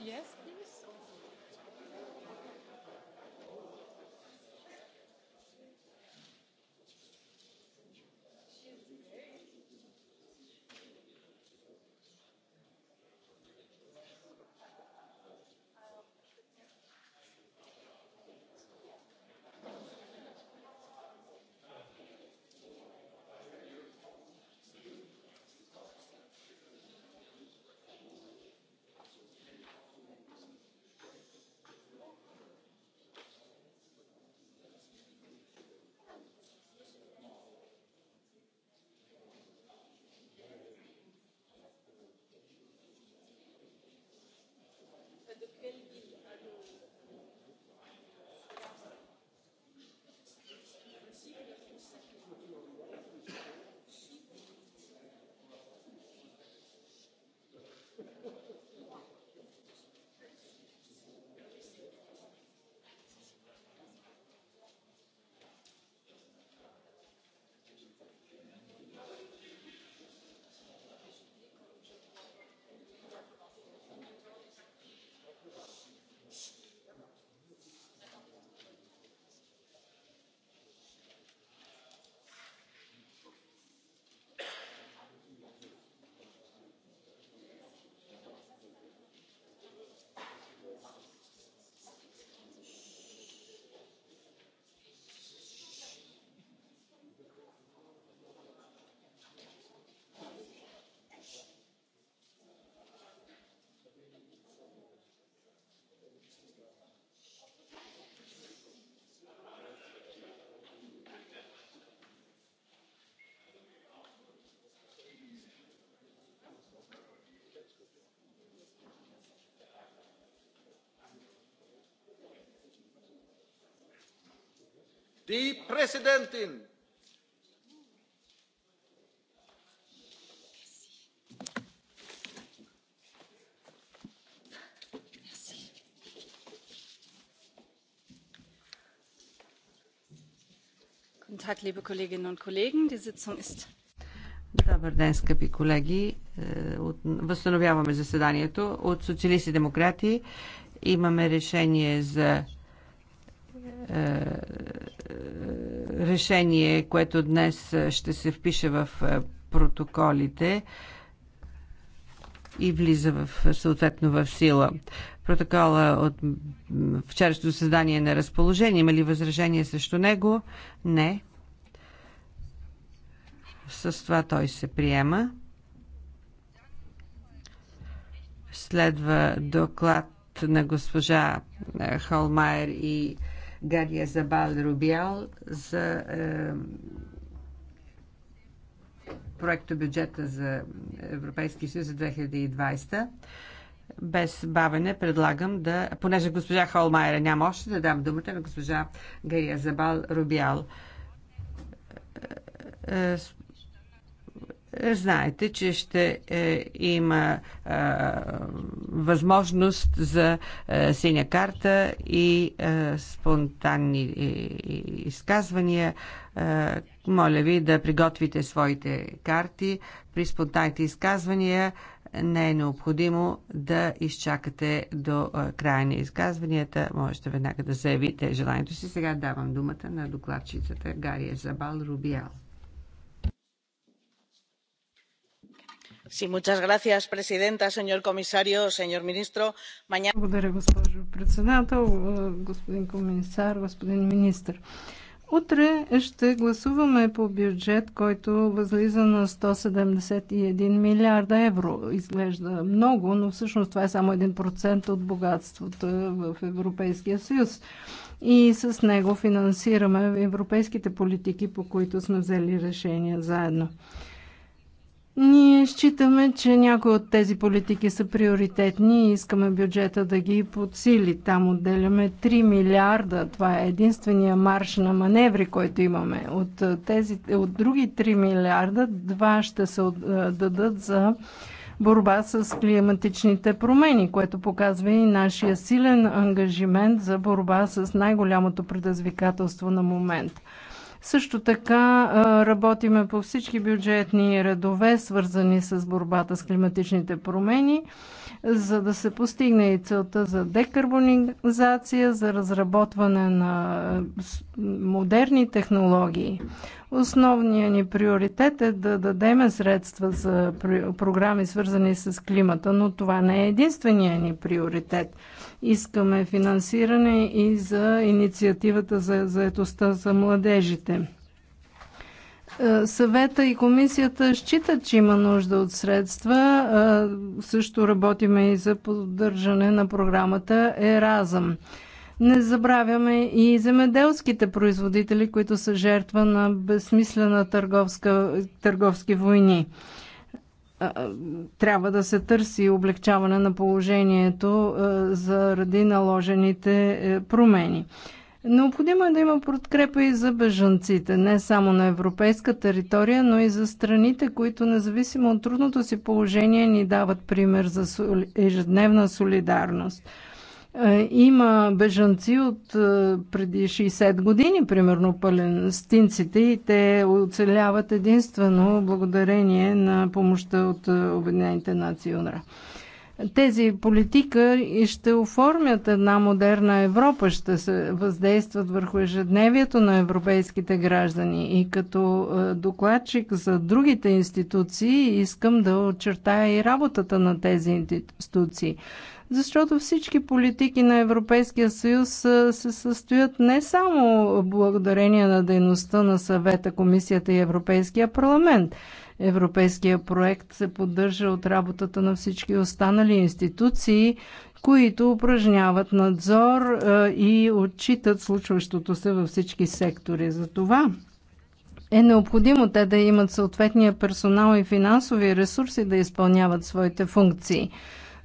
Yes die präsidentin! Добър ден, скъпи колеги. Е, възстановяваме заседанието. От социалисти и демократи имаме решение за е, решение, което днес ще се впише в протоколите и влиза в, съответно в сила. Протокола от вчерашното създание е на разположение. Има ли възражение срещу него? Не. С това той се приема. Следва доклад на госпожа Холмайер и Гария Забал Рубиал за е, проекто бюджета за Европейски съюз за 2020. Без бавене предлагам да, понеже госпожа Холмайера няма още, да дам думата на госпожа Гария Забал Рубиал. Е, е, знаете, че ще е, има е, възможност за е, синя карта и е, спонтанни е, е, изказвания. Е, моля ви да приготвите своите карти. При спонтанните изказвания не е необходимо да изчакате до е, края на изказванията. Можете веднага да заявите желанието си. Сега давам думата на докладчицата Гария Забал Рубиал. Señora президента, señor комисарио, señor министро, mañana... Благодаря, госпожо председател, господин комисар, господин министр. Утре ще гласуваме по бюджет, който възлиза на 171 милиарда евро. Изглежда много, но всъщност това е само 1% от богатството в Европейския съюз. И с него финансираме европейските политики, по които сме взели решения заедно. Ние считаме, че някои от тези политики са приоритетни и искаме бюджета да ги подсили. Там отделяме 3 милиарда. Това е единствения марш на маневри, който имаме. От, тези, от други 3 милиарда, 2 ще се дадат за борба с климатичните промени, което показва и нашия силен ангажимент за борба с най-голямото предизвикателство на момента. Също така работиме по всички бюджетни редове, свързани с борбата с климатичните промени за да се постигне и целта за декарбонизация, за разработване на модерни технологии. Основният ни приоритет е да дадеме средства за програми свързани с климата, но това не е единствения ни приоритет. Искаме финансиране и за инициативата за заетостта за младежите е, съвета и комисията считат, че има нужда от средства. Е, също работиме и за поддържане на програмата Еразъм. Не забравяме и земеделските производители, които са жертва на безсмислена търговска, търговски войни. Е, трябва да се търси облегчаване на положението заради наложените промени. Необходимо е да има подкрепа и за бежанците, не само на европейска територия, но и за страните, които независимо от трудното си положение ни дават пример за ежедневна солидарност. Е, има бежанци от е, преди 60 години, примерно палестинците, и те оцеляват единствено благодарение на помощта от е, Обединените нации тези политика ще оформят една модерна Европа, ще се въздействат върху ежедневието на европейските граждани. И като е, докладчик за другите институции искам да очертая и работата на тези институции защото всички политики на Европейския съюз е, се състоят не само благодарение на дейността на съвета, комисията и Европейския парламент. Европейския проект се поддържа от работата на всички останали институции, които упражняват надзор е, и отчитат случващото се във всички сектори. Затова е необходимо те да имат съответния персонал и финансови ресурси да изпълняват своите функции.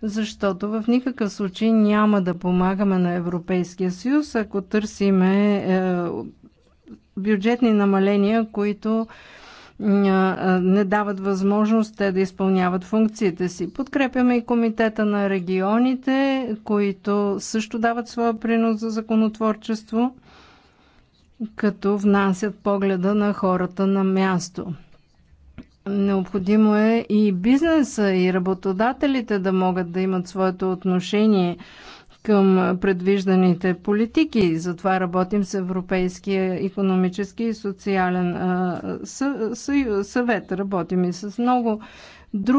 Защото в никакъв случай няма да помагаме на Европейския съюз, ако търсиме е, бюджетни намаления, които не дават възможност те да изпълняват функциите си. Подкрепяме и Комитета на регионите, които също дават своя принос за законотворчество, като внасят погледа на хората на място. Необходимо е и бизнеса, и работодателите да могат да имат своето отношение – към предвижданите политики. Затова работим с Европейския економически и социален съвет. Работим и с много други